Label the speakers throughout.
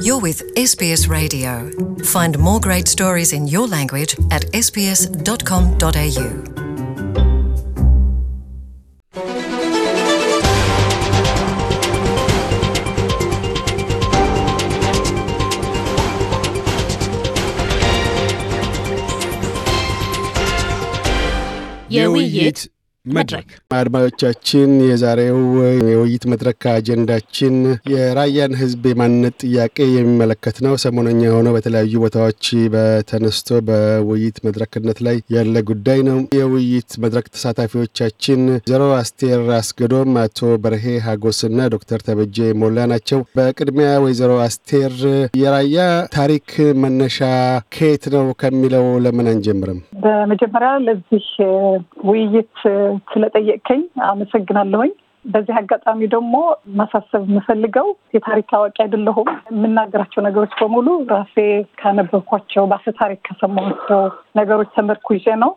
Speaker 1: You're with SBS Radio. Find more great stories in your language at sbs.com.au.
Speaker 2: Yeah, we it. መድረክ አድማጮቻችን፣ የዛሬው የውይይት መድረክ አጀንዳችን የራያን ሕዝብ የማንነት ጥያቄ የሚመለከት ነው። ሰሞነኛ የሆነው በተለያዩ ቦታዎች በተነስቶ በውይይት መድረክነት ላይ ያለ ጉዳይ ነው። የውይይት መድረክ ተሳታፊዎቻችን ዘሮ አስቴር አስገዶም፣ አቶ በርሄ ሀጎስና ዶክተር ተበጄ ሞላ ናቸው። በቅድሚያ ወይዘሮ አስቴር የራያ ታሪክ መነሻ ከየት ነው ከሚለው ለምን አንጀምርም?
Speaker 1: በመጀመሪያ ለዚህ ውይይት ስለጠየቅከኝ አመሰግናለሁኝ። በዚህ አጋጣሚ ደግሞ ማሳሰብ የምፈልገው የታሪክ አዋቂ አይደለሁም። የምናገራቸው ነገሮች በሙሉ ራሴ ካነበብኳቸው በአፈ ታሪክ ከሰማኋቸው ነገሮች ተመርኩዤ ነው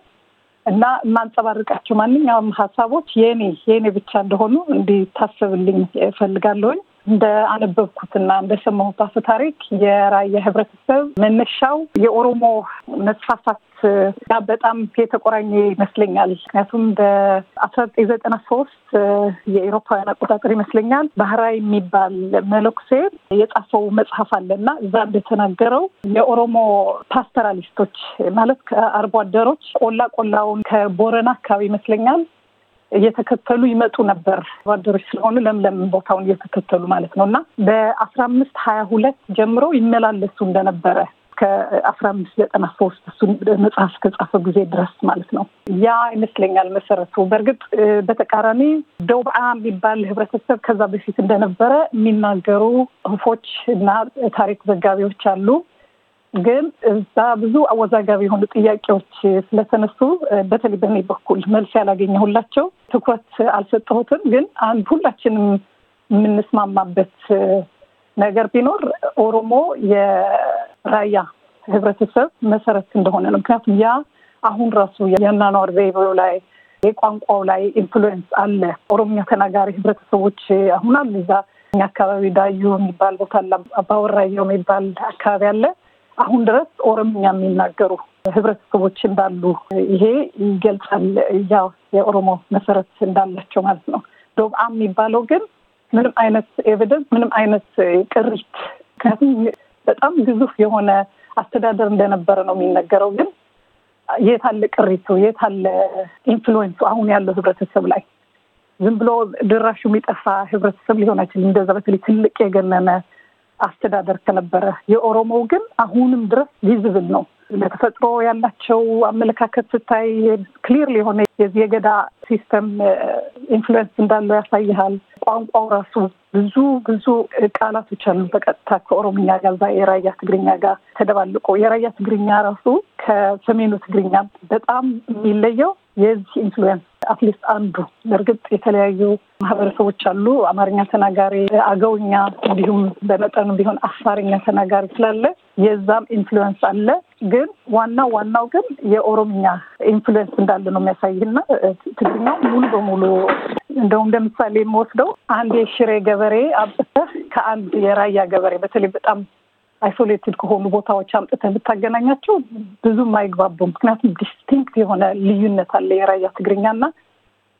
Speaker 1: እና የማንጸባርቃቸው ማንኛውም ሀሳቦች የኔ የኔ ብቻ እንደሆኑ እንዲታሰብልኝ እፈልጋለሁኝ። እንደአነበብኩትና እንደሰማሁት አፈ ታሪክ የራያ ህብረተሰብ መነሻው የኦሮሞ መስፋፋት ጋር በጣም የተቆራኘ ይመስለኛል። ምክንያቱም በአስራ ዘጠኝ ዘጠና ሶስት የኤሮፓውያን አቆጣጠር ይመስለኛል ባህራ የሚባል መለኩሴ የጻፈው መጽሐፍ አለ እና እዛ እንደተናገረው የኦሮሞ ፓስተራሊስቶች ማለት ከአርቦ አደሮች ቆላ ቆላውን ከቦረና አካባቢ ይመስለኛል እየተከተሉ ይመጡ ነበር። ወታደሮች ስለሆኑ ለምለም ቦታውን እየተከተሉ ማለት ነው እና በአስራ አምስት ሀያ ሁለት ጀምሮ ይመላለሱ እንደነበረ ከአስራ አምስት ዘጠና ሶስት እሱን መጽሐፍ ከጻፈ ጊዜ ድረስ ማለት ነው። ያ ይመስለኛል መሰረቱ። በእርግጥ በተቃራኒ ደውብዓ የሚባል ህብረተሰብ ከዛ በፊት እንደነበረ የሚናገሩ ህፎች እና ታሪክ ዘጋቢዎች አሉ። ግን እዛ ብዙ አወዛጋቢ የሆኑ ጥያቄዎች ስለተነሱ በተለይ በእኔ በኩል መልስ ያላገኘሁላቸው ትኩረት አልሰጠሁትም። ግን አንድ ሁላችንም የምንስማማበት ነገር ቢኖር ኦሮሞ የራያ ህብረተሰብ መሰረት እንደሆነ ነው። ምክንያቱም ያ አሁን ራሱ የአኗኗር ዘይቤው ላይ የቋንቋው ላይ ኢንፍሉዌንስ አለ። ኦሮምኛ ተናጋሪ ህብረተሰቦች አሁን አሉ። እዛ እኛ አካባቢ ዳዩ የሚባል ቦታ አለ፣ አባወራየው የሚባል አካባቢ አለ። አሁን ድረስ ኦሮምኛ የሚናገሩ ህብረተሰቦች እንዳሉ ይሄ ይገልጻል። ያው የኦሮሞ መሰረት እንዳላቸው ማለት ነው። ዶብአ የሚባለው ግን ምንም አይነት ኤቪደንስ፣ ምንም አይነት ቅሪት፣ ምክንያቱም በጣም ግዙፍ የሆነ አስተዳደር እንደነበረ ነው የሚነገረው። ግን የት አለ ቅሪቱ? የት አለ ኢንፍሉዌንሱ አሁን ያለው ህብረተሰብ ላይ? ዝም ብሎ ድራሹ የሚጠፋ ህብረተሰብ ሊሆን አይችልም። እንደዛ በተለይ ትልቅ የገነነ አስተዳደር ከነበረ። የኦሮሞው ግን አሁንም ድረስ ቪዝብል ነው። ለተፈጥሮ ያላቸው አመለካከት ስታይ ክሊር የሆነ የዚህ የገዳ ሲስተም ኢንፍሉዌንስ እንዳለው ያሳይሃል። ቋንቋው ራሱ ብዙ ብዙ ቃላቶች አሉ በቀጥታ ከኦሮምኛ ጋር እዛ የራያ ትግርኛ ጋር ተደባልቆ የራያ ትግርኛ ራሱ ከሰሜኑ ትግርኛ በጣም የሚለየው የዚህ ኢንፍሉዌንስ አትሊስት አንዱ በእርግጥ የተለያዩ ማህበረሰቦች አሉ። አማርኛ ተናጋሪ፣ አገውኛ እንዲሁም በመጠኑ ቢሆን አፋርኛ ተናጋሪ ስላለ የዛም ኢንፍሉዌንስ አለ። ግን ዋናው ዋናው ግን የኦሮምኛ ኢንፍሉዌንስ እንዳለ ነው የሚያሳይና ትግርኛው ሙሉ በሙሉ እንደውም እንደምሳሌ የምወስደው አንድ የሽሬ ገበሬ አብተህ ከአንድ የራያ ገበሬ በተለይ በጣም አይሶሌትድ ከሆኑ ቦታዎች አምጥተ ብታገናኛቸው ብዙም አይግባቡም። ምክንያቱም ዲስቲንክት የሆነ ልዩነት አለ የራያ ትግርኛና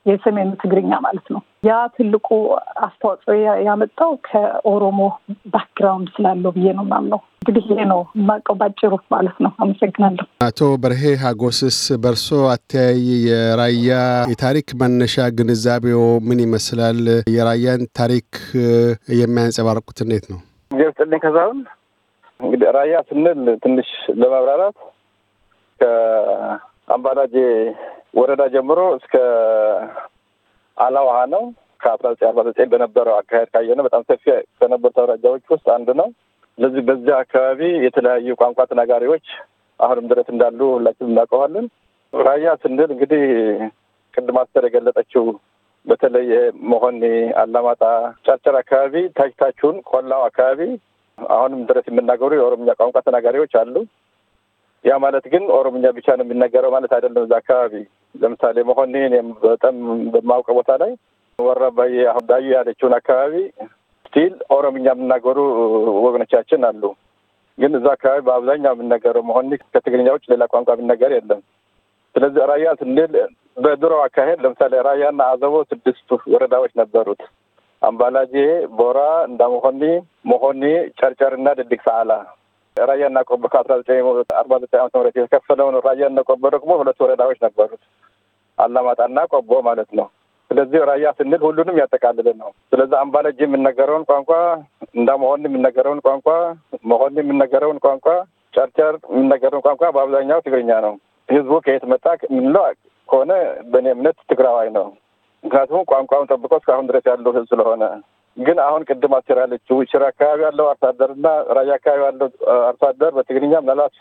Speaker 1: የሰሜኑ ትግርኛ ማለት ነው። ያ ትልቁ አስተዋጽኦ ያመጣው ከኦሮሞ ባክግራውንድ ስላለው ብዬ ነው የማምነው። እንግዲህ ይሄ ነው የማውቀው ባጭሩ ማለት ነው። አመሰግናለሁ።
Speaker 2: አቶ በርሄ ሀጎስስ በርሶ አተያይ የራያ የታሪክ መነሻ ግንዛቤው ምን ይመስላል? የራያን ታሪክ የሚያንጸባርቁት እንዴት ነው?
Speaker 3: ገብጥኔ ከዛውን እንግዲህ ራያ ስንል ትንሽ ለማብራራት ከአምባዳጄ ወረዳ ጀምሮ እስከ አላውሃ ነው። ከአስራ ዘጠኝ አርባ ዘጠኝ በነበረው አካሄድ ካየነው በጣም ሰፊ ከነበሩ አውራጃዎች ውስጥ አንድ ነው። ስለዚህ በዚህ አካባቢ የተለያዩ ቋንቋ ተናጋሪዎች አሁንም ድረስ እንዳሉ ሁላችንም እናውቀዋለን። ራያ ስንል እንግዲህ ቅድም አስተር የገለጠችው በተለይ መሆኔ፣ አላማጣ፣ ጨርጨር አካባቢ ታችታችሁን ቆላው አካባቢ አሁንም ድረስ የምናገሩ የኦሮምኛ ቋንቋ ተናጋሪዎች አሉ። ያ ማለት ግን ኦሮምኛ ብቻ ነው የሚነገረው ማለት አይደለም። እዛ አካባቢ ለምሳሌ መሆን እኔም በጣም በማውቀ ቦታ ላይ ወራባዬ አሁን ዳዩ ያለችውን አካባቢ ስቲል ኦሮምኛ የምናገሩ ወገኖቻችን አሉ። ግን እዛ አካባቢ በአብዛኛው የምነገረው መሆን ከትግርኛ ውጭ ሌላ ቋንቋ የሚነገር የለም። ስለዚህ ራያ ስንል በድሮ አካሄድ ለምሳሌ ራያና አዘቦ ስድስት ወረዳዎች ነበሩት። አምባላጄ፣ ቦራ፣ እንዳመሆኒ፣ መሆኒ፣ ጨርጨር እና ድድቅ ሰዓላ ራያና ቆቦ ከአስራ ዘጠኝ አርባ ዘጠኝ ዓመተ ምህረት የተከፈለውን ራያና ቆቦ ደግሞ ሁለት ወረዳዎች ነበሩት፣ አላማጣና ቆቦ ማለት ነው። ስለዚህ ራያ ስንል ሁሉንም ያጠቃልል ነው። ስለዚህ አምባላጅ የሚነገረውን ቋንቋ፣ እንዳመሆን የሚነገረውን ቋንቋ፣ መሆን የሚነገረውን ቋንቋ፣ ጨርጨር የሚነገረውን ቋንቋ በአብዛኛው ትግርኛ ነው። ህዝቡ ከየት መጣ የምንለው ከሆነ በእኔ እምነት ትግራዋይ ነው። ምክንያቱም ቋንቋውን ጠብቆ እስካሁን ድረስ ያለው ህዝብ ስለሆነ ግን አሁን ቅድም አስራለች ያለችው አካባቢ ያለው አርሶ እና ራያ አካባቢ ያለው አርሶ አደር በትግርኛ ምናልባት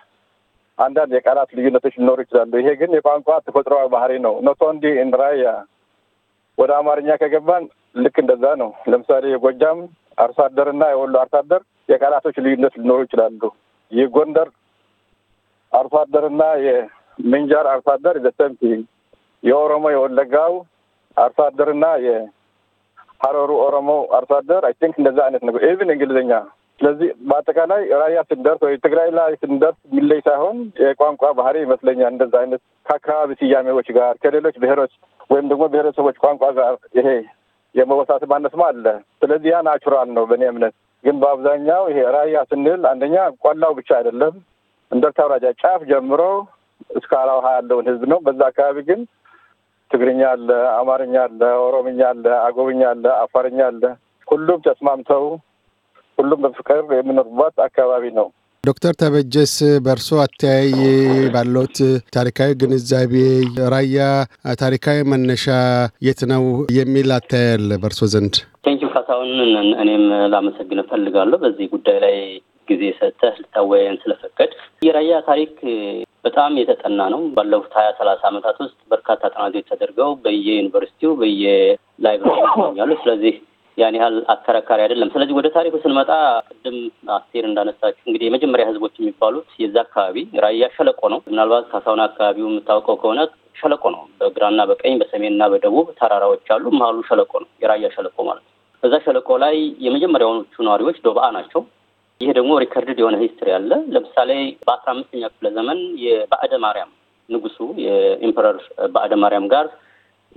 Speaker 3: አንዳንድ የቃላት ልዩነቶች ሊኖሩ ይችላሉ። ይሄ ግን የቋንቋ ተፈጥሯዊ ባህሪ ነው። ኖት እንዲ ራያ ወደ አማርኛ ከገባን ልክ እንደዛ ነው። ለምሳሌ የጎጃም አርሶ እና የወሎ አርሶ አደር የቃላቶች ልዩነት ሊኖሩ ይችላሉ። የጎንደር አርሶ እና የምንጃር አርሶ አደር የኦሮሞ የወለጋው አርሶ አደርና የሀረሩ ኦሮሞ አርሶ አደር አይ ቲንክ እንደዛ አይነት ነገር ኢቭን እንግሊዝኛ። ስለዚህ በአጠቃላይ ራያ ስንደርስ ወይ ትግራይ ላይ ስንደርስ የሚለይ ሳይሆን የቋንቋ ባህሪ ይመስለኛል። እንደዛ አይነት ከአካባቢ ስያሜዎች ጋር ከሌሎች ብሔሮች ወይም ደግሞ ብሔረሰቦች ቋንቋ ጋር ይሄ የመወሳሰብ ማነስማ አለ። ስለዚህ ያ ናቹራል ነው በእኔ እምነት። ግን በአብዛኛው ይሄ ራያ ስንል አንደኛ ቆላው ብቻ አይደለም እንደርታ አውራጃ ጫፍ ጀምሮ እስከ አላውሃ ያለውን ህዝብ ነው። በዛ አካባቢ ግን ትግርኛ አለ፣ አማርኛ አለ፣ ኦሮምኛ አለ፣ አጎብኛ አለ፣ አፋርኛ አለ። ሁሉም ተስማምተው ሁሉም በፍቅር የሚኖሩባት
Speaker 2: አካባቢ ነው። ዶክተር ተበጀስ በእርሶ አተያይ ባለት ታሪካዊ ግንዛቤ ራያ ታሪካዊ መነሻ የት ነው የሚል አተያይ አለ በእርሶ ዘንድ?
Speaker 4: ቴንኪው ካሳሁን፣ እኔም ላመሰግን እፈልጋለሁ በዚህ ጉዳይ ላይ ጊዜ ሰጥተህ ልታወያየን ስለፈቀድ የራያ ታሪክ በጣም የተጠና ነው። ባለፉት ሀያ ሰላሳ ዓመታት ውስጥ በርካታ ጥናቶች ተደርገው በየዩኒቨርሲቲው በየላይብራሪ ይገኛሉ። ስለዚህ ያን ያህል አከራካሪ አይደለም። ስለዚህ ወደ ታሪኩ ስንመጣ ቅድም አስቴር እንዳነሳችሁ እንግዲህ የመጀመሪያ ህዝቦች የሚባሉት የዛ አካባቢ ራያ ሸለቆ ነው። ምናልባት ካሳሁን አካባቢው የምታውቀው ከሆነ ሸለቆ ነው። በግራና በቀኝ በሰሜንና በደቡብ ተራራዎች አሉ። መሀሉ ሸለቆ ነው፣ የራያ ሸለቆ ማለት ነው። በዛ ሸለቆ ላይ የመጀመሪያዎቹ ነዋሪዎች ዶባአ ናቸው። ይሄ ደግሞ ሪከርድድ የሆነ ሂስትሪ አለ። ለምሳሌ በአስራ አምስተኛ ክፍለ ዘመን የባዕደ ማርያም ንጉሱ የኢምፐረር ባዕደ ማርያም ጋር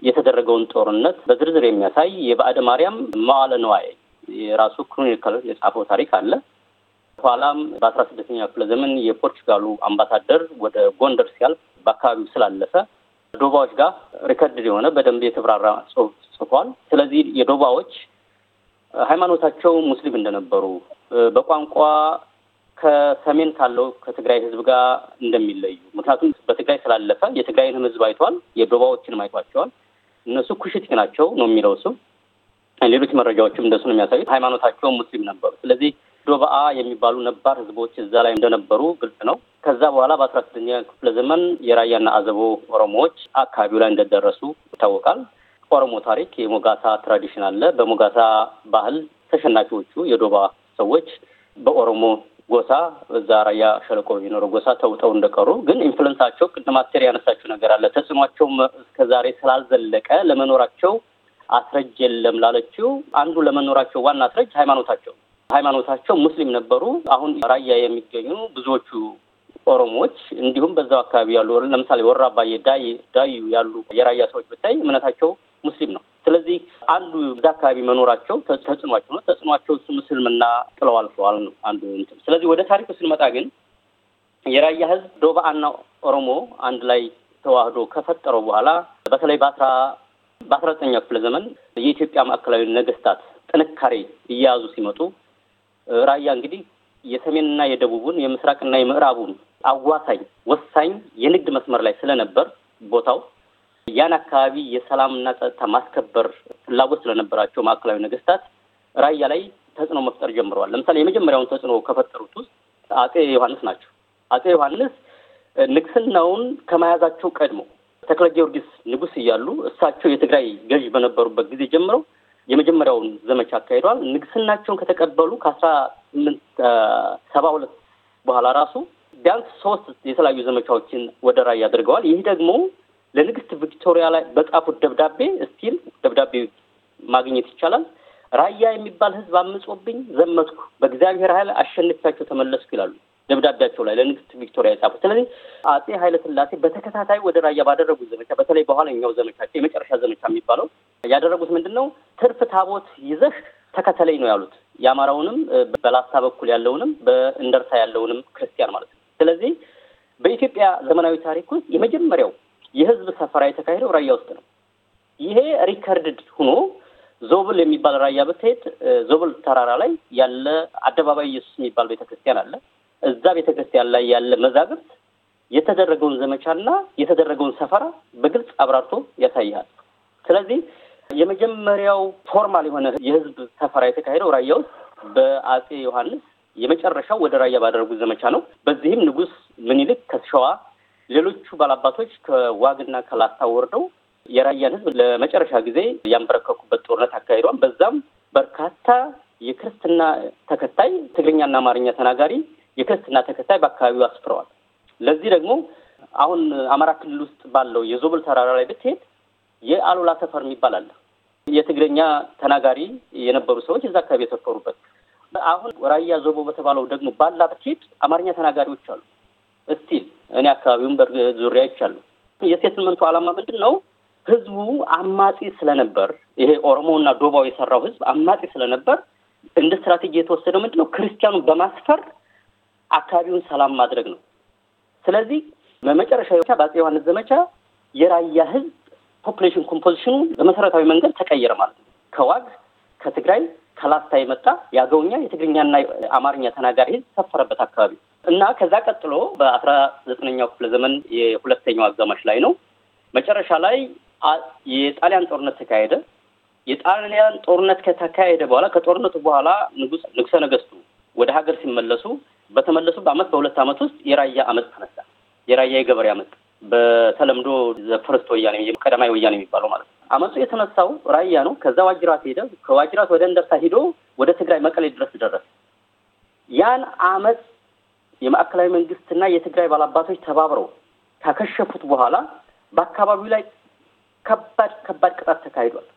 Speaker 4: የተደረገውን ጦርነት በዝርዝር የሚያሳይ የባዕደ ማርያም መዋለ ነዋይ የራሱ ክሮኒካል የጻፈው ታሪክ አለ። ኋላም በአስራ ስድስተኛ ክፍለ ዘመን የፖርቹጋሉ አምባሳደር ወደ ጎንደር ሲያልፍ በአካባቢው ስላለፈ ዶባዎች ጋር ሪከርድድ የሆነ በደንብ የተብራራ ጽሑፍ ጽፏል። ስለዚህ የዶባዎች ሃይማኖታቸው ሙስሊም እንደነበሩ በቋንቋ ከሰሜን ካለው ከትግራይ ህዝብ ጋር እንደሚለዩ ምክንያቱም በትግራይ ስላለፈ የትግራይን ህዝብ አይቷል፣ የዶባዎችንም አይቷቸዋል። እነሱ ኩሽቲ ናቸው ነው የሚለው እሱ። ሌሎች መረጃዎችም እንደሱ ነው የሚያሳዩት። ሃይማኖታቸውም ሙስሊም ነበሩ። ስለዚህ ዶባአ የሚባሉ ነባር ህዝቦች እዛ ላይ እንደነበሩ ግልጽ ነው። ከዛ በኋላ በአስራ ስድስተኛ ክፍለ ዘመን የራያና አዘቦ ኦሮሞዎች አካባቢው ላይ እንደደረሱ ይታወቃል። ኦሮሞ ታሪክ የሞጋሳ ትራዲሽን አለ። በሞጋሳ ባህል ተሸናፊዎቹ የዶባ ሰዎች በኦሮሞ ጎሳ እዛ ራያ ሸለቆ የሚኖረው ጎሳ ተውጠው እንደቀሩ ግን ኢንፍሉንሳቸው ቅድም አስቴር ያነሳችው ነገር አለ። ተጽዕኗቸውም እስከዛሬ ስላልዘለቀ ለመኖራቸው አስረጅ የለም ላለችው አንዱ ለመኖራቸው ዋና አስረጅ ሃይማኖታቸው ሃይማኖታቸው ሙስሊም ነበሩ። አሁን ራያ የሚገኙ ብዙዎቹ ኦሮሞዎች እንዲሁም በዛው አካባቢ ያሉ ለምሳሌ ወራባዬ ዳይ ዳዩ ያሉ የራያ ሰዎች ብታይ እምነታቸው ሙስሊም ነው። ስለዚህ አንዱ እዛ አካባቢ መኖራቸው ተጽዕኗቸው ነው። ተጽዕኗቸው እሱም እስልምና ጥለው አልፈዋል ነው አንዱ ስለዚህ ወደ ታሪኩ ስንመጣ ግን የራያ ህዝብ ዶባአና ኦሮሞ አንድ ላይ ተዋህዶ ከፈጠረው በኋላ በተለይ በአስራ በአስራ ዘጠኛው ክፍለ ዘመን የኢትዮጵያ ማዕከላዊ ነገስታት ጥንካሬ እየያዙ ሲመጡ ራያ እንግዲህ የሰሜንና የደቡቡን የምስራቅና የምዕራቡን አዋሳኝ ወሳኝ የንግድ መስመር ላይ ስለነበር ቦታው ያን አካባቢ የሰላምና ጸጥታ ማስከበር ፍላጎት ስለነበራቸው ማዕከላዊ ነገስታት ራያ ላይ ተጽዕኖ መፍጠር ጀምረዋል። ለምሳሌ የመጀመሪያውን ተጽዕኖ ከፈጠሩት ውስጥ አጼ ዮሐንስ ናቸው። አጼ ዮሐንስ ንግስናውን ከመያዛቸው ቀድሞ ተክለ ጊዮርጊስ ንጉስ እያሉ እሳቸው የትግራይ ገዥ በነበሩበት ጊዜ ጀምረው የመጀመሪያውን ዘመቻ አካሂደዋል። ንግስናቸውን ከተቀበሉ ከአስራ ስምንት ሰባ ሁለት በኋላ ራሱ ቢያንስ ሶስት የተለያዩ ዘመቻዎችን ወደ ራያ አድርገዋል። ይህ ደግሞ ለንግስት ቪክቶሪያ ላይ በጻፉት ደብዳቤ እስቲል ደብዳቤ ማግኘት ይቻላል። ራያ የሚባል ህዝብ አምጾብኝ ዘመትኩ፣ በእግዚአብሔር ኃይል አሸንፊያቸው ተመለስኩ ይላሉ ደብዳቤያቸው ላይ ለንግስት ቪክቶሪያ የጻፉት። ስለዚህ አጼ ኃይለ ስላሴ በተከታታይ ወደ ራያ ባደረጉት ዘመቻ፣ በተለይ በኋለኛው ዘመቻቸው የመጨረሻ ዘመቻ የሚባለው ያደረጉት ምንድን ነው? ትርፍ ታቦት ይዘህ ተከተለኝ ነው ያሉት። የአማራውንም በላስታ በኩል ያለውንም በእንደርታ ያለውንም ክርስቲያን ማለት ነው። ስለዚህ በኢትዮጵያ ዘመናዊ ታሪክ ውስጥ የመጀመሪያው የህዝብ ሰፈራ የተካሄደው ራያ ውስጥ ነው። ይሄ ሪከርድድ ሆኖ ዞብል የሚባል ራያ ብትሄድ ዞብል ተራራ ላይ ያለ አደባባይ ኢየሱስ የሚባል ቤተክርስቲያን አለ። እዛ ቤተክርስቲያን ላይ ያለ መዛግብት የተደረገውን ዘመቻና የተደረገውን ሰፈራ በግልጽ አብራርቶ ያሳያል። ስለዚህ የመጀመሪያው ፎርማል የሆነ የህዝብ ሰፈራ የተካሄደው ራያ ውስጥ በአጼ ዮሐንስ የመጨረሻው ወደ ራያ ባደረጉት ዘመቻ ነው። በዚህም ንጉስ ምኒልክ ከሸዋ ሌሎቹ ባላባቶች ከዋግና ከላስታ ወርደው የራያን ህዝብ ለመጨረሻ ጊዜ ያንበረከኩበት ጦርነት አካሂዷል። በዛም በርካታ የክርስትና ተከታይ ትግርኛና አማርኛ ተናጋሪ የክርስትና ተከታይ በአካባቢው አስፍረዋል። ለዚህ ደግሞ አሁን አማራ ክልል ውስጥ ባለው የዞብል ተራራ ላይ ብትሄድ የአሉላ ሰፈር የሚባል አለ። የትግረኛ ተናጋሪ የነበሩ ሰዎች እዛ አካባቢ የሰፈሩበት። አሁን ራያ ዞቦ በተባለው ደግሞ ባላ ብትሄድ አማርኛ ተናጋሪዎች አሉ እስቲ እኔ አካባቢውን በዙሪያ ይቻሉ የሴትልመንቱ ዓላማ ምንድን ነው? ህዝቡ አማጺ ስለነበር ይሄ ኦሮሞና ዶባው የሰራው ህዝብ አማጺ ስለነበር እንደ ስትራቴጂ የተወሰደው ምንድን ነው? ክርስቲያኑን በማስፈር አካባቢውን ሰላም ማድረግ ነው። ስለዚህ በመጨረሻ በአፄ ዮሐንስ ዘመቻ የራያ ህዝብ ፖፕሌሽን ኮምፖዚሽኑ በመሰረታዊ መንገድ ተቀየረ ማለት ነው። ከዋግ ከትግራይ ከላስታ የመጣ የአገውኛ የትግርኛና አማርኛ ተናጋሪ ህዝብ ሰፈረበት አካባቢ እና ከዛ ቀጥሎ በአስራ ዘጠነኛው ክፍለ ዘመን የሁለተኛው አጋማሽ ላይ ነው መጨረሻ ላይ የጣሊያን ጦርነት ተካሄደ። የጣሊያን ጦርነት ከተካሄደ በኋላ ከጦርነቱ በኋላ ንጉስ ንጉሰ ነገስቱ ወደ ሀገር ሲመለሱ በተመለሱ በአመት በሁለት አመት ውስጥ የራያ አመፅ ተነሳ። የራያ የገበሬ አመፅ በተለምዶ ዘፈርስት ወያኔ ቀዳማዊ ወያኔ የሚባለው ማለት ነው። አመፁ የተነሳው ራያ ነው። ከዛ ዋጅራት ሄደ። ከዋጅራት ወደ እንደርታ ሂዶ ወደ ትግራይ መቀሌ ድረስ ደረስ። ያን አመፅ የማዕከላዊ መንግስትና የትግራይ ባላባቶች ተባብረው ካከሸፉት በኋላ በአካባቢው ላይ ከባድ ከባድ ቅጣት ተካሂዷል።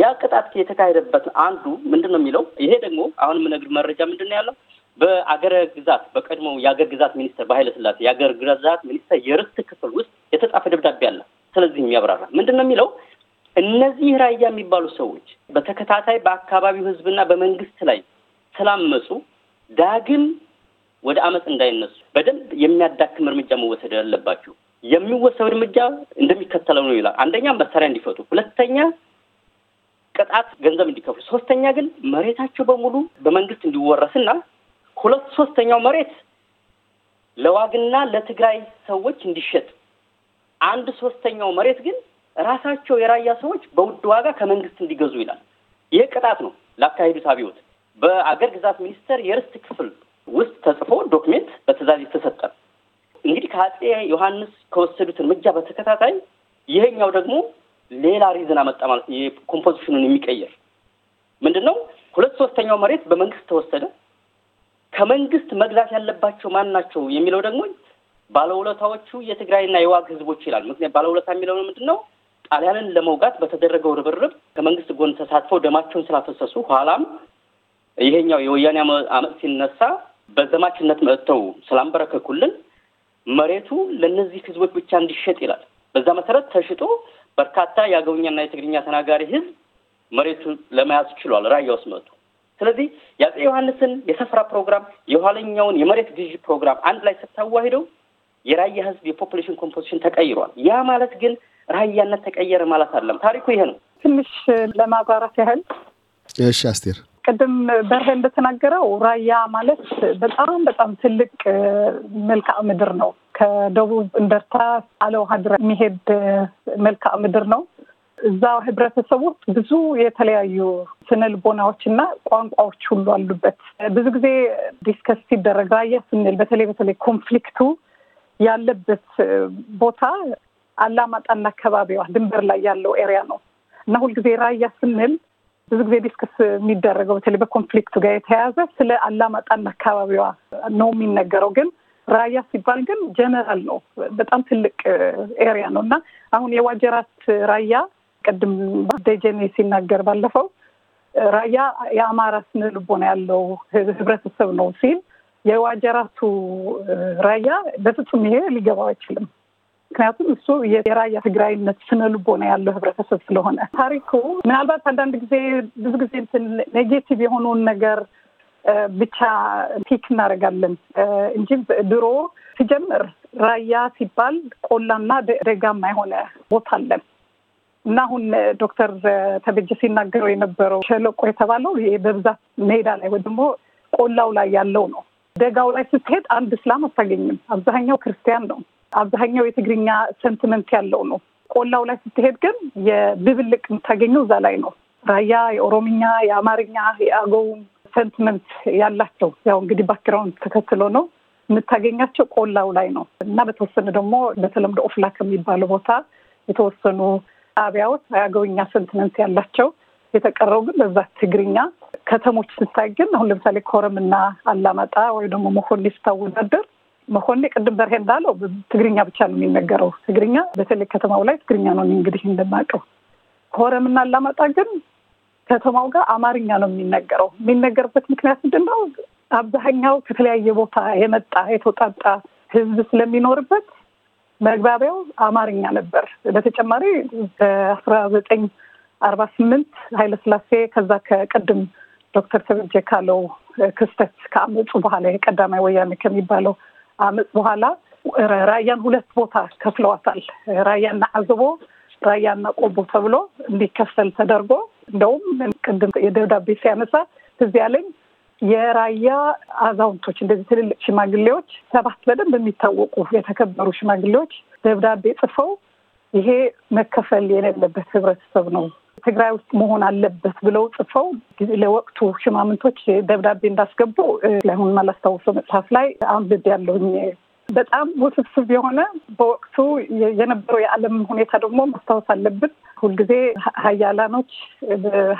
Speaker 4: ያ ቅጣት የተካሄደበት አንዱ ምንድን ነው የሚለው ይሄ ደግሞ አሁን የምነግር መረጃ ምንድን ነው ያለው በአገረ ግዛት በቀድሞ የአገር ግዛት ሚኒስተር በኃይለ የአገር ግዛት ሚኒስተር የርስት ክፍል ውስጥ የተጻፈ ደብዳቤ አለ። ስለዚህ የሚያብራራ ምንድን ነው የሚለው እነዚህ ራያ የሚባሉ ሰዎች በተከታታይ በአካባቢው ህዝብና በመንግስት ላይ ስላመፁ ዳግም ወደ አመፅ እንዳይነሱ በደንብ የሚያዳክም እርምጃ መወሰድ ያለባቸው። የሚወሰድ እርምጃ እንደሚከተለው ነው ይላል። አንደኛ መሳሪያ እንዲፈቱ፣ ሁለተኛ ቅጣት ገንዘብ እንዲከፍሉ፣ ሶስተኛ ግን መሬታቸው በሙሉ በመንግስት እንዲወረስና ሁለት ሶስተኛው መሬት ለዋግና ለትግራይ ሰዎች እንዲሸጥ፣ አንድ ሶስተኛው መሬት ግን ራሳቸው የራያ ሰዎች በውድ ዋጋ ከመንግስት እንዲገዙ ይላል። ይህ ቅጣት ነው ላካሄዱት አብዮት። በአገር ግዛት ሚኒስቴር የርስት ክፍል ውስጥ ተጽፎ ዶክሜንት በትእዛዝ የተሰጠ እንግዲህ ከአጼ ዮሐንስ ከወሰዱት እርምጃ በተከታታይ ይሄኛው ደግሞ ሌላ ሪዝን አመጣ ማለት ኮምፖዚሽኑን የሚቀየር ምንድን ነው? ሁለት ሶስተኛው መሬት በመንግስት ተወሰደ። ከመንግስት መግዛት ያለባቸው ማን ናቸው የሚለው ደግሞ ባለውለታዎቹ የትግራይና የዋግ ህዝቦች ይላል። ምክንያት ባለውለታ የሚለው ምንድን ነው? ጣሊያንን ለመውጋት በተደረገው ርብርብ ከመንግስት ጎን ተሳትፈው ደማቸውን ስላፈሰሱ ኋላም ይሄኛው የወያኔ አመፅ ሲነሳ በዘማችነት መጥተው ስላንበረከኩልን መሬቱ ለእነዚህ ህዝቦች ብቻ እንዲሸጥ ይላል። በዛ መሰረት ተሽጦ በርካታ የአገውኛና የትግርኛ ተናጋሪ ህዝብ መሬቱ ለመያዝ ችሏል። ራያ ውስጥ ስለዚህ የአጼ ዮሐንስን የሰፈራ ፕሮግራም የኋለኛውን የመሬት ግዢ ፕሮግራም አንድ ላይ ስታዋሂደው የራያ ህዝብ የፖፑሌሽን ኮምፖዚሽን ተቀይሯል። ያ ማለት ግን ራያነት ተቀየረ ማለት አለም። ታሪኩ ይሄ ነው።
Speaker 1: ትንሽ ለማብራራት ያህል እሺ፣ አስቴር ቅድም በርሄ እንደተናገረው ራያ ማለት በጣም በጣም ትልቅ መልክዓ ምድር ነው። ከደቡብ እንደርታ አለውሃ ድረስ የሚሄድ መልክዓ ምድር ነው። እዛ ህብረተሰብ ውስጥ ብዙ የተለያዩ ስነ ልቦናዎች እና ቋንቋዎች ሁሉ አሉበት። ብዙ ጊዜ ዲስከስ ሲደረግ ራያ ስንል በተለይ በተለይ ኮንፍሊክቱ ያለበት ቦታ አላማጣና አካባቢዋ ድንበር ላይ ያለው ኤሪያ ነው እና ሁልጊዜ ራያ ስንል ብዙ ጊዜ ዲስከስ የሚደረገው በተለይ በኮንፍሊክቱ ጋር የተያያዘ ስለ አላማጣና አካባቢዋ ነው የሚነገረው ግን ራያ ሲባል ግን ጀነራል ነው። በጣም ትልቅ ኤሪያ ነው እና አሁን የዋጀራት ራያ ቅድም ደጀኔ ሲናገር ባለፈው ራያ የአማራ ስነ ልቦና ያለው ህብረተሰብ ነው ሲል የዋጀራቱ ራያ በፍጹም ይሄ ሊገባው አይችልም። ምክንያቱም እሱ የራያ ትግራይነት ስነ ልቦና ያለው ህብረተሰብ ስለሆነ ታሪኩ ምናልባት አንዳንድ ጊዜ ብዙ ጊዜ ኔጌቲቭ የሆነውን ነገር ብቻ ፒክ እናደርጋለን እንጂ ድሮ ሲጀምር ራያ ሲባል ቆላና ደጋማ የሆነ ቦታ አለን። እና አሁን ዶክተር ተበጀ ሲናገረው የነበረው ሸለቆ የተባለው ይሄ በብዛት ሜዳ ላይ ወይ ደግሞ ቆላው ላይ ያለው ነው። ደጋው ላይ ስትሄድ አንድ እስላም አታገኝም። አብዛኛው ክርስቲያን ነው። አብዛኛው የትግርኛ ሰንቲመንት ያለው ነው። ቆላው ላይ ስትሄድ ግን የብብልቅ የምታገኘው እዛ ላይ ነው። ራያ የኦሮምኛ፣ የአማርኛ፣ የአገው ሰንቲመንት ያላቸው ያው እንግዲህ ባክግራውንድ ተከትሎ ነው የምታገኛቸው ቆላው ላይ ነው እና በተወሰነ ደግሞ በተለምዶ ኦፍላ ከሚባለው ቦታ የተወሰኑ ጣቢያዎች አገውኛ ሰንትመንት ያላቸው የተቀረው ግን በዛ ትግርኛ ከተሞች ስታይ ግን አሁን ለምሳሌ ኮረምና አላማጣ ወይ ደግሞ መኮኔ ስታወዳደር መኮኔ ቅድም በርሄ እንዳለው ትግርኛ ብቻ ነው የሚነገረው። ትግርኛ በተለይ ከተማው ላይ ትግርኛ ነው እንግዲህ እንደማውቀው። ኮረምና አላማጣ ግን ከተማው ጋር አማርኛ ነው የሚነገረው። የሚነገርበት ምክንያት ምንድን ነው? አብዛኛው ከተለያየ ቦታ የመጣ የተውጣጣ ህዝብ ስለሚኖርበት መግባቢያው አማርኛ ነበር። በተጨማሪ በአስራ ዘጠኝ አርባ ስምንት ኃይለ ሥላሴ ከዛ ከቅድም ዶክተር ተበጀ ካለው ክስተት ከአመፁ በኋላ የቀዳማዊ ወያኔ ከሚባለው አመፅ በኋላ ራያን ሁለት ቦታ ከፍለዋታል። ራያና አዘቦ፣ ራያና ቆቦ ተብሎ እንዲከፈል ተደርጎ እንደውም ቅድም የደብዳቤ ሲያነሳ ትዝ ያለኝ የራያ አዛውንቶች እንደዚህ ትልልቅ ሽማግሌዎች ሰባት በደንብ የሚታወቁ የተከበሩ ሽማግሌዎች ደብዳቤ ጽፈው ይሄ መከፈል የሌለበት ህብረተሰብ ነው ትግራይ ውስጥ መሆን አለበት ብለው ጽፈው ለወቅቱ ሽማምንቶች ደብዳቤ እንዳስገቡ ላይሁን አላስታውሰው መጽሐፍ ላይ አንብብ ያለውኝ በጣም ውስብስብ የሆነ በወቅቱ የነበረው የዓለም ሁኔታ ደግሞ ማስታወስ አለብን። ሁልጊዜ ሀያላኖች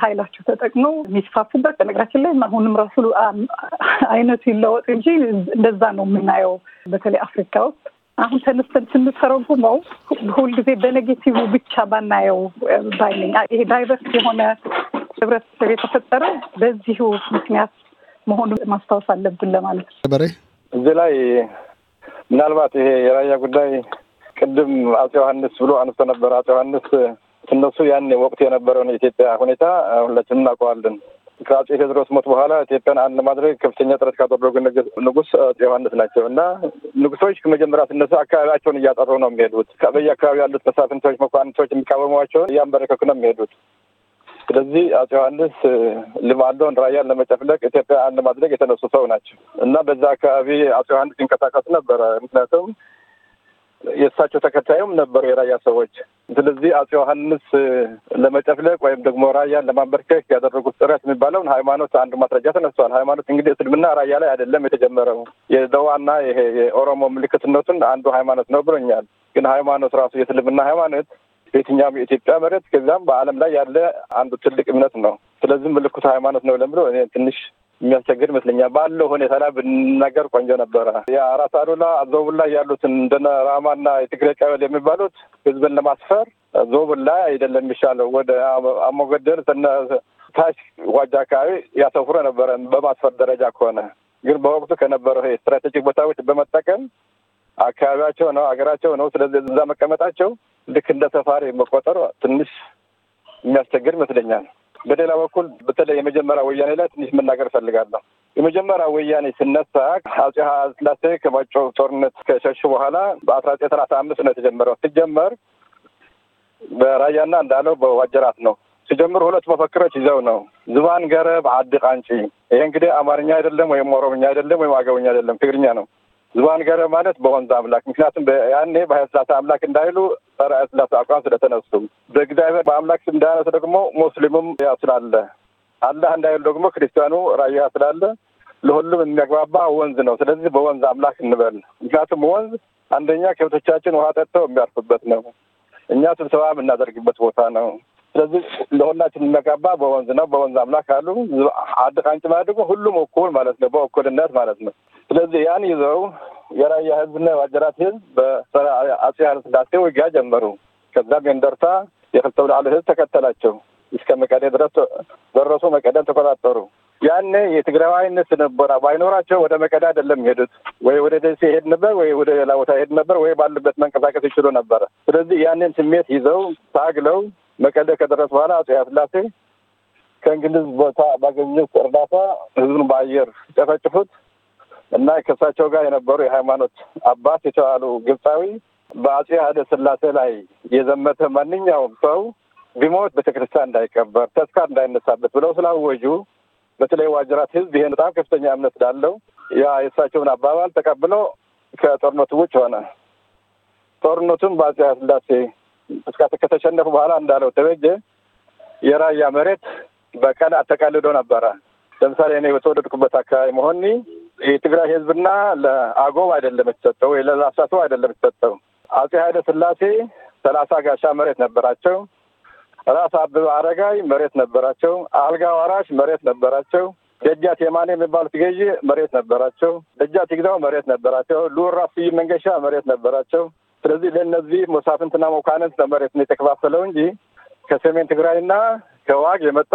Speaker 1: ኃይላቸው ተጠቅመው የሚስፋፉበት በነገራችን ላይ አሁንም ራሱ አይነቱ ይለወጥ እንጂ እንደዛ ነው የምናየው በተለይ አፍሪካ ውስጥ አሁን ተነስተን ስንተረጉመው ሁልጊዜ በኔጌቲቭ ብቻ ባናየው ባይነኝ ይሄ ዳይቨርስ የሆነ ህብረተሰብ የተፈጠረው በዚሁ ምክንያት መሆኑን ማስታወስ አለብን
Speaker 3: ለማለት ነው። እዚህ ላይ ምናልባት ይሄ የራያ ጉዳይ ቅድም አጼ ዮሐንስ ብሎ አነስቶ ነበር አጼ ዮሐንስ እነሱ ያን ወቅት የነበረውን የኢትዮጵያ ሁኔታ ሁላችንም እናውቀዋለን። ከአጼ ቴዎድሮስ ሞት በኋላ ኢትዮጵያን አንድ ማድረግ ከፍተኛ ጥረት ካደረጉ ንጉስ አጼ ዮሐንስ ናቸው እና ንጉሶች ከመጀመሪያ ሲነሱ አካባቢያቸውን እያጠሩ ነው የሚሄዱት። በየአካባቢ ያሉት መሳፍንቶች፣ መኳንንቶች የሚቃወሟቸውን እያንበረከኩ ነው የሚሄዱት። ስለዚህ አፄ ዮሐንስ ልማዶን ራያን ለመጨፍለቅ ኢትዮጵያ አንድ ማድረግ የተነሱ ሰው ናቸው እና በዛ አካባቢ አጼ ዮሐንስ ሲንቀሳቀሱ ነበረ። ምክንያቱም የእሳቸው ተከታዩም ነበሩ የራያ ሰዎች። ስለዚህ አፄ ዮሐንስ ለመጨፍለቅ ወይም ደግሞ ራያን ለማንበርከክ ያደረጉት ጥረት የሚባለውን ሃይማኖት አንዱ ማስረጃ ተነስቷል። ሃይማኖት እንግዲህ እስልምና ራያ ላይ አይደለም የተጀመረው የደዋና ይሄ የኦሮሞ ምልክትነቱን አንዱ ሃይማኖት ነው ብሎኛል። ግን ሃይማኖት ራሱ የእስልምና ሃይማኖት በየትኛውም የኢትዮጵያ መሬት ከዚያም በዓለም ላይ ያለ አንዱ ትልቅ እምነት ነው። ስለዚህ ምልክቱ ሃይማኖት ነው ለምለው እኔ ትንሽ የሚያስቸግር ይመስለኛል። ባለው ሁኔታ ላይ ብንነገር ቆንጆ ነበረ። የአራት አሉላ ዞቡን ላይ ያሉትን እንደነ ራማና የትግሬ ቀበሌ የሚባሉት ህዝብን ለማስፈር ዞቡን ላይ አይደለም የሚሻለው ወደ አሞገደር ታች ዋጃ አካባቢ ያሰፍሮ ነበረ በማስፈር ደረጃ ከሆነ ግን በወቅቱ ከነበረው ስትራቴጂክ ቦታዎች በመጠቀም አካባቢያቸው ነው፣ ሀገራቸው ነው። ስለዚህ እዛ መቀመጣቸው ልክ እንደ ተፋሪ መቆጠሩ ትንሽ የሚያስቸግር ይመስለኛል። በሌላ በኩል በተለይ የመጀመሪያ ወያኔ ላይ ትንሽ መናገር እፈልጋለሁ። የመጀመሪያ ወያኔ ሲነሳ አጼ ኃይለ ሥላሴ ጦርነት ከሸሹ በኋላ በአስራ ዘጠኝ ሰላሳ አምስት ነው የተጀመረው። ሲጀመር በራያና እንዳለው በዋጀራት ነው ሲጀምር ሁለት መፈክሮች ይዘው ነው ዝባን ገረብ አዲ ቃንጪ። ይሄ እንግዲህ አማርኛ አይደለም ወይም ኦሮምኛ አይደለም ወይም አገውኛ አይደለም፣ ትግርኛ ነው። ዝባን ገረብ ማለት በወንዝ አምላክ። ምክንያቱም ያኔ በኃይለ ሥላሴ አምላክ እንዳይሉ ጸረ ስላሴ አቋም ስለተነሱ በእግዚአብሔር በአምላክ እንዳነሱ ደግሞ ሙስሊሙም ስላለ አላህ እንዳይሉ ደግሞ ክርስቲያኑ ራዩ ስላለ ለሁሉም የሚያግባባ ወንዝ ነው። ስለዚህ በወንዝ አምላክ እንበል። ምክንያቱም ወንዝ አንደኛ ከብቶቻችን ውሃ ጠጥተው የሚያርፉበት ነው። እኛ ስብሰባ የምናደርግበት ቦታ ነው። ስለዚህ ለሁላችን የሚመጋባ በወንዝ ነው። በወንዝ አምላክ አሉ። አድቅ አንጭማ ደግሞ ሁሉም እኩል ማለት ነው፣ በእኩልነት ማለት ነው። ስለዚህ ያን ይዘው የራያ ህዝብና የዋጀራት ህዝብ በሰራ አጼ ኃይለሥላሴ ውጊያ ጀመሩ። ከዛም የእንደርታ የክልተ ብልዓሉ ህዝብ ተከተላቸው እስከ መቀደም ድረስ ደረሱ። መቀደም ተቆጣጠሩ። ያን የትግራዋይነት ስነቦና ባይኖራቸው ወደ መቀዳ አይደለም ሄዱት ወይ ወደ ደሴ ሄድ ነበር፣ ወይ ወደ ሌላ ቦታ ሄድ ነበር፣ ወይ ባሉበት መንቀሳቀስ ይችሉ ነበረ። ስለዚህ ያንን ስሜት ይዘው ታግለው መቀሌ ከደረስ በኋላ አፄ ስላሴ ከእንግሊዝ ቦታ ባገኘት እርዳታ ህዝቡን በአየር ጨፈጭፉት እና ከእሳቸው ጋር የነበሩ የሃይማኖት አባት የተባሉ ግብፃዊ በአፄ ስላሴ ላይ የዘመተ ማንኛውም ሰው ቢሞት ቤተክርስቲያን እንዳይቀበር ተስካ እንዳይነሳበት ብለው ስላወጁ በተለይ ዋጅራት ህዝብ ይሄን በጣም ከፍተኛ እምነት ዳለው ያ የእሳቸውን አባባል ተቀብሎ ከጦርነቱ ውጭ ሆነ። ጦርነቱም በአፄ ስላሴ። ከተሸነፉ በኋላ እንዳለው ደረጀ የራያ መሬት በቀን አተቃልዶ ነበረ። ለምሳሌ እኔ በተወለድኩበት አካባቢ መሆኒ የትግራይ ህዝብና ለአጎብ አይደለም የተሰጠው ወይ ለላሳቶ አይደለም የተሰጠው። አጼ ኃይለ ስላሴ ሰላሳ ጋሻ መሬት ነበራቸው። ራስ አበበ አረጋይ መሬት ነበራቸው። አልጋ ወራሽ መሬት ነበራቸው። ደጃት የማኔ የሚባሉት ገዢ መሬት ነበራቸው። ደጃት ይግዛው መሬት ነበራቸው። ሉራ ስዩም መንገሻ መሬት ነበራቸው። ስለዚህ ለእነዚህ መሳፍንትና መኳንንት ለመሬት ነው የተከፋፈለው እንጂ ከሰሜን ትግራይና ከዋግ የመጣ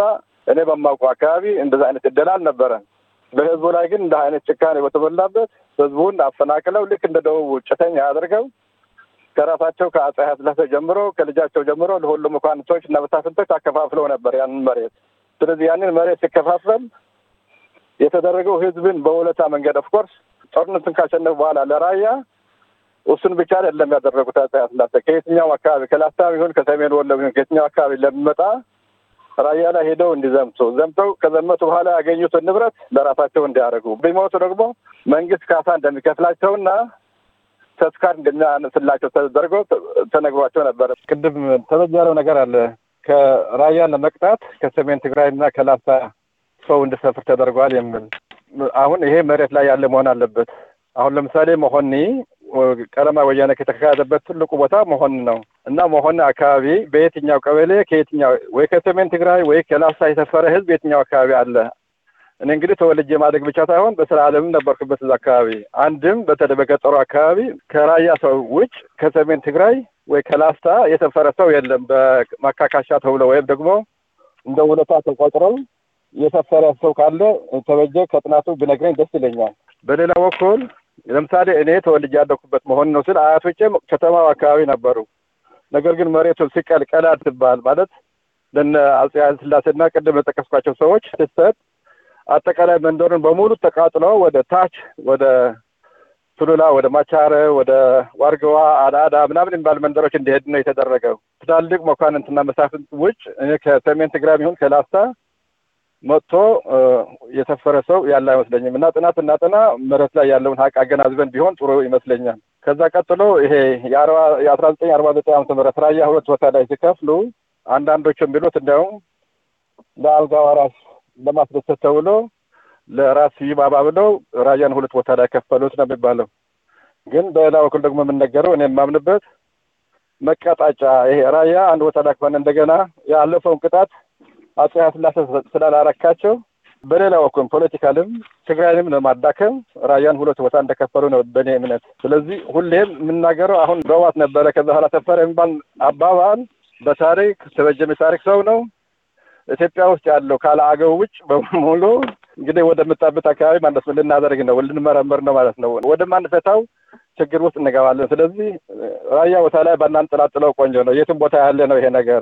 Speaker 3: እኔ በማውቁ አካባቢ እንደዚ አይነት እድል አልነበረን። በህዝቡ ላይ ግን እንደ አይነት ጭካኔ በተሞላበት ህዝቡን አፈናቅለው ልክ እንደ ደቡብ ጭተኛ አድርገው ከራሳቸው ከአፄ ኃይለሥላሴ ጀምሮ ከልጃቸው ጀምሮ ለሁሉ መኳንቶች እና መሳፍንቶች አከፋፍለው ነበር ያንን መሬት። ስለዚህ ያንን መሬት ሲከፋፈል የተደረገው ህዝብን በሁለታ መንገድ ኦፍኮርስ ጦርነቱን ካሸነፍ በኋላ ለራያ እሱን ብቻ አይደለም ያደረጉት አፄ ከየትኛው አካባቢ ከላስታ ቢሆን ከሰሜን ወሎ ቢሆን ከየትኛው አካባቢ ለሚመጣ ራያ ላይ ሄደው እንዲዘምቱ ዘምተው ከዘመቱ በኋላ ያገኙትን ንብረት ለራሳቸው እንዲያደርጉ ቢሞቱ ደግሞ መንግስት ካሳ እንደሚከፍላቸውና ተስካር እንደሚያነስላቸው ተደርጎ ተነግሯቸው ነበረ። ቅድም ተበጃለው ነገር አለ። ከራያ ለመቅጣት ከሰሜን ትግራይና ከላስታ ሰው እንዲሰፍር ተደርጓል የሚል አሁን ይሄ መሬት ላይ ያለ መሆን አለበት። አሁን ለምሳሌ መሆኒ ቀለማ ወያነ ከተካሄደበት ትልቁ ቦታ መሆን ነው እና መሆን አካባቢ በየትኛው ቀበሌ ከየትኛው ወይ ከሰሜን ትግራይ ወይ ከላሳ የሰፈረ ህዝብ የትኛው አካባቢ አለ። እኔ እንግዲህ ተወልጄ ማደግ ብቻ ሳይሆን በስራ ዓለምም ነበርኩበት እዛ አካባቢ። አንድም በተለይ በገጠሩ አካባቢ ከራያ ሰው ውጭ ከሰሜን ትግራይ ወይ ከላስታ የሰፈረ ሰው የለም። በማካካሻ ተብሎ ወይም ደግሞ እንደ ውለታ ተቆጥረው የሰፈረ ሰው ካለ ተበጀ ከጥናቱ ብነግረኝ ደስ ይለኛል። በሌላ በኩል ለምሳሌ እኔ ተወልጄ ያደኩበት መሆን ነው ስል አያቶቼም ከተማው አካባቢ ነበሩ። ነገር ግን መሬቱን ሲቀል ቀላል ትባል ማለት ለነ አጼ ኃይለሥላሴና ቅድም የጠቀስኳቸው ሰዎች ስትሰጥ አጠቃላይ መንደሩን በሙሉ ተቃጥሎ ወደ ታች ወደ ቱሉላ ወደ ማቻረ ወደ ዋርገዋ አዳዳ ምናምን የሚባል መንደሮች እንዲሄድ ነው የተደረገው። ትላልቅ መኳንንትና መሳፍንት ውጭ እኔ ከሰሜን ትግራይ ይሁን ከላስታ መጥቶ የተፈረ ሰው ያለ አይመስለኝም እና ጥናት እናጠና መሬት ላይ ያለውን ሀቅ አገናዝበን ቢሆን ጥሩ ይመስለኛል። ከዛ ቀጥሎ ይሄ የአስራ ዘጠኝ አርባ ዘጠኝ ዓመተ ምህረት ራያ ሁለት ቦታ ላይ ሲከፍሉ አንዳንዶቹ የሚሉት እንዲያውም ለአልጋ ወራሽ ለማስደሰት ተብሎ ለራስ ይባባ ብለው ራያን ሁለት ቦታ ላይ ከፈሉት ነው የሚባለው። ግን በሌላ በኩል ደግሞ የምንነገረው እኔ የማምንበት መቀጣጫ ይሄ ራያ አንድ ቦታ ላይ ከሆነ እንደገና ያለፈውን ቅጣት አጼ ኃይለሥላሴ ስላላረካቸው በሌላ በኩል ፖለቲካልም ትግራይንም ለማዳከም ራያን ሁለት ቦታ እንደከፈሉ ነው በእኔ እምነት። ስለዚህ ሁሌም የምናገረው አሁን ሮባት ነበረ ከዛ ኋላ ሰፈረ የሚባል አባባል በታሪክ ተበጀም የታሪክ ሰው ነው። ኢትዮጵያ ውስጥ ያለው ካለ አገው ውጭ በሙሉ እንግዲህ ወደምጣበት አካባቢ ማለት ነው ልናደርግ ነው ልንመረምር ነው ማለት ነው። ወደማንፈታው ችግር ውስጥ እንገባለን። ስለዚህ ራያ ቦታ ላይ ባናንጥላጥለው ቆንጆ ነው። የትም ቦታ ያለ ነው ይሄ ነገር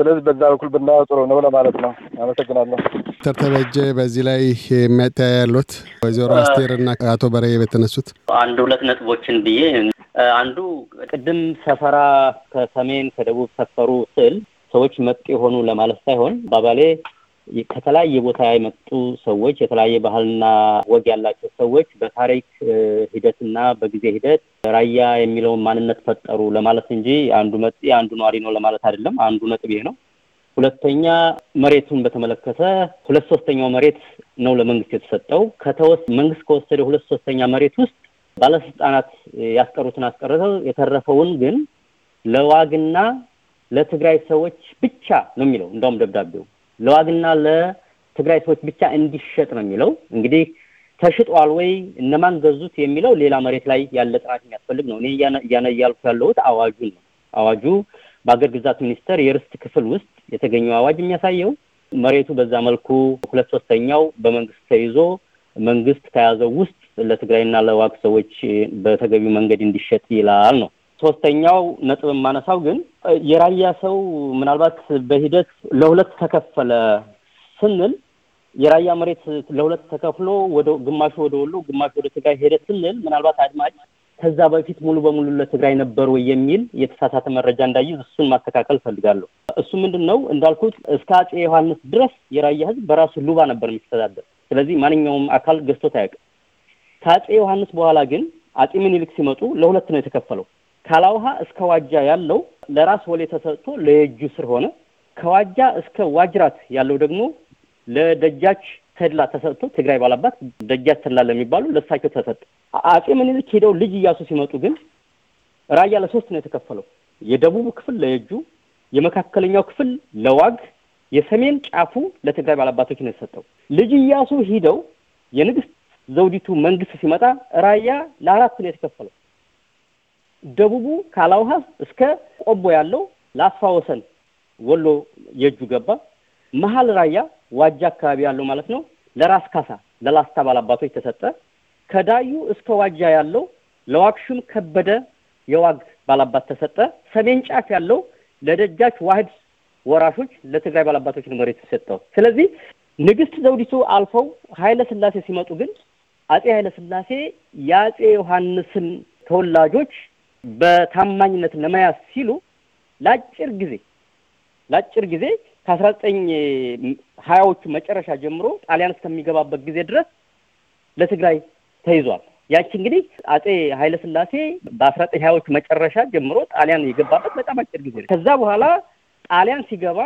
Speaker 3: ስለዚህ በዛ በኩል ብናየው ጥሩ ነው ለማለት ነው። አመሰግናለሁ።
Speaker 2: ዶክተር ተበጀ በዚህ ላይ የሚያተያ ያሉት ወይዘሮ አስቴር እና አቶ በረየ በተነሱት
Speaker 4: አንድ ሁለት ነጥቦችን ብዬ አንዱ ቅድም ሰፈራ ከሰሜን ከደቡብ ሰፈሩ ስል ሰዎች መጤ የሆኑ ለማለት ሳይሆን ባባሌ ከተለያየ ቦታ የመጡ ሰዎች የተለያየ ባህልና ወግ ያላቸው ሰዎች በታሪክ ሂደትና በጊዜ ሂደት ራያ የሚለውን ማንነት ፈጠሩ ለማለት እንጂ አንዱ መጤ አንዱ ነዋሪ ነው ለማለት አይደለም። አንዱ ነጥብ ይሄ ነው። ሁለተኛ መሬቱን በተመለከተ ሁለት ሶስተኛው መሬት ነው ለመንግስት የተሰጠው። ከተወስ መንግስት ከወሰደ ሁለት ሶስተኛ መሬት ውስጥ ባለስልጣናት ያስቀሩትን አስቀርተው የተረፈውን ግን ለዋግና ለትግራይ ሰዎች ብቻ ነው የሚለው እንደውም ደብዳቤው ለዋግና ለትግራይ ሰዎች ብቻ እንዲሸጥ ነው የሚለው። እንግዲህ ተሽጧል ወይ እነማን ገዙት የሚለው ሌላ መሬት ላይ ያለ ጥናት የሚያስፈልግ ነው። እኔ እያነ እያልኩ ያለሁት አዋጁን ነው። አዋጁ በአገር ግዛት ሚኒስቴር የርስት ክፍል ውስጥ የተገኘው አዋጅ የሚያሳየው መሬቱ በዛ መልኩ ሁለት ሶስተኛው በመንግስት ተይዞ መንግስት ከያዘው ውስጥ ለትግራይና ለዋግ ሰዎች በተገቢው መንገድ እንዲሸጥ ይላል ነው። ሶስተኛው ነጥብ የማነሳው ግን የራያ ሰው ምናልባት በሂደት ለሁለት ተከፈለ ስንል የራያ መሬት ለሁለት ተከፍሎ ወደ ግማሹ ወደ ወሎ፣ ግማሹ ወደ ትግራይ ሄደ ስንል ምናልባት አድማጭ ከዛ በፊት ሙሉ በሙሉ ለትግራይ ነበሩ የሚል የተሳሳተ መረጃ እንዳይዝ እሱን ማስተካከል ፈልጋለሁ። እሱ ምንድን ነው እንዳልኩት እስከ አፄ ዮሐንስ ድረስ የራያ ህዝብ በራሱ ሉባ ነበር የሚተዳደር። ስለዚህ ማንኛውም አካል ገዝቶት አያውቅም። ከአፄ ዮሐንስ በኋላ ግን አፄ ምኒልክ ሲመጡ ለሁለት ነው የተከፈለው። ካላውሃ እስከ ዋጃ ያለው ለራስ ወሌ ተሰጥቶ ለየጁ ስር ሆነ። ከዋጃ እስከ ዋጅራት ያለው ደግሞ ለደጃች ተድላ ተሰጥቶ ትግራይ ባላባት ደጃች ተድላ ለሚባሉ ለሳቸው ተሰጥ። አጼ ምኒልክ ሄደው ልጅ እያሱ ሲመጡ ግን ራያ ለሶስት ነው የተከፈለው። የደቡቡ ክፍል ለየጁ፣ የመካከለኛው ክፍል ለዋግ፣ የሰሜን ጫፉ ለትግራይ ባላባቶች ነው የተሰጠው። ልጅ እያሱ ሂደው የንግስት ዘውዲቱ መንግስት ሲመጣ ራያ ለአራት ነው የተከፈለው። ደቡቡ ካላውሃ እስከ ቆቦ ያለው ላስፋ ወሰን ወሎ የእጁ ገባ። መሀል ራያ ዋጃ አካባቢ ያለው ማለት ነው ለራስ ካሳ ለላስታ ባላባቶች ተሰጠ። ከዳዩ እስከ ዋጃ ያለው ለዋክሹም ከበደ የዋግ ባላባት ተሰጠ። ሰሜን ጫፍ ያለው ለደጃች ዋህድ ወራሾች ለትግራይ ባላባቶች ነው መሬት ተሰጠው። ስለዚህ ንግስት ዘውዲቱ አልፈው ኃይለ ስላሴ ሲመጡ ግን አጼ ኃይለ ስላሴ የአጼ ዮሐንስን ተወላጆች በታማኝነት ለመያዝ ሲሉ ለአጭር ጊዜ ለአጭር ጊዜ ከአስራ ዘጠኝ ሀያዎቹ መጨረሻ ጀምሮ ጣሊያን እስከሚገባበት ጊዜ ድረስ ለትግራይ ተይዟል። ያቺ እንግዲህ አጼ ስላሴ በአስራ ዘጠኝ ሀያዎቹ መጨረሻ ጀምሮ ጣሊያን የገባበት በጣም አጭር ጊዜ ነው። ከዛ በኋላ ጣሊያን ሲገባ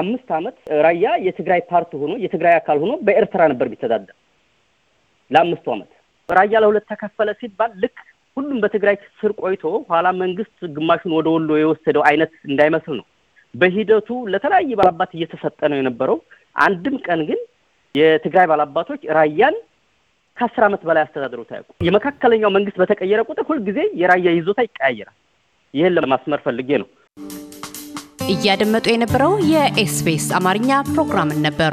Speaker 4: አምስት ዓመት ራያ የትግራይ ፓርት ሆኖ የትግራይ አካል ሆኖ በኤርትራ ነበር የሚተዳደር ለአምስቱ ዓመት ራያ ለሁለት ተከፈለ ሲባል ልክ ሁሉም በትግራይ ስር ቆይቶ ኋላ መንግስት ግማሹን ወደ ወሎ የወሰደው አይነት እንዳይመስል ነው። በሂደቱ ለተለያየ ባላባት እየተሰጠ ነው የነበረው። አንድም ቀን ግን የትግራይ ባላባቶች ራያን ከአስር ዓመት በላይ አስተዳድሮት አያውቁ። የመካከለኛው መንግስት በተቀየረ ቁጥር ሁልጊዜ የራያ ይዞታ ይቀያየራል። ይህን ለማስመር ፈልጌ ነው። እያደመጡ የነበረው የኤስቢኤስ አማርኛ ፕሮግራምን ነበር።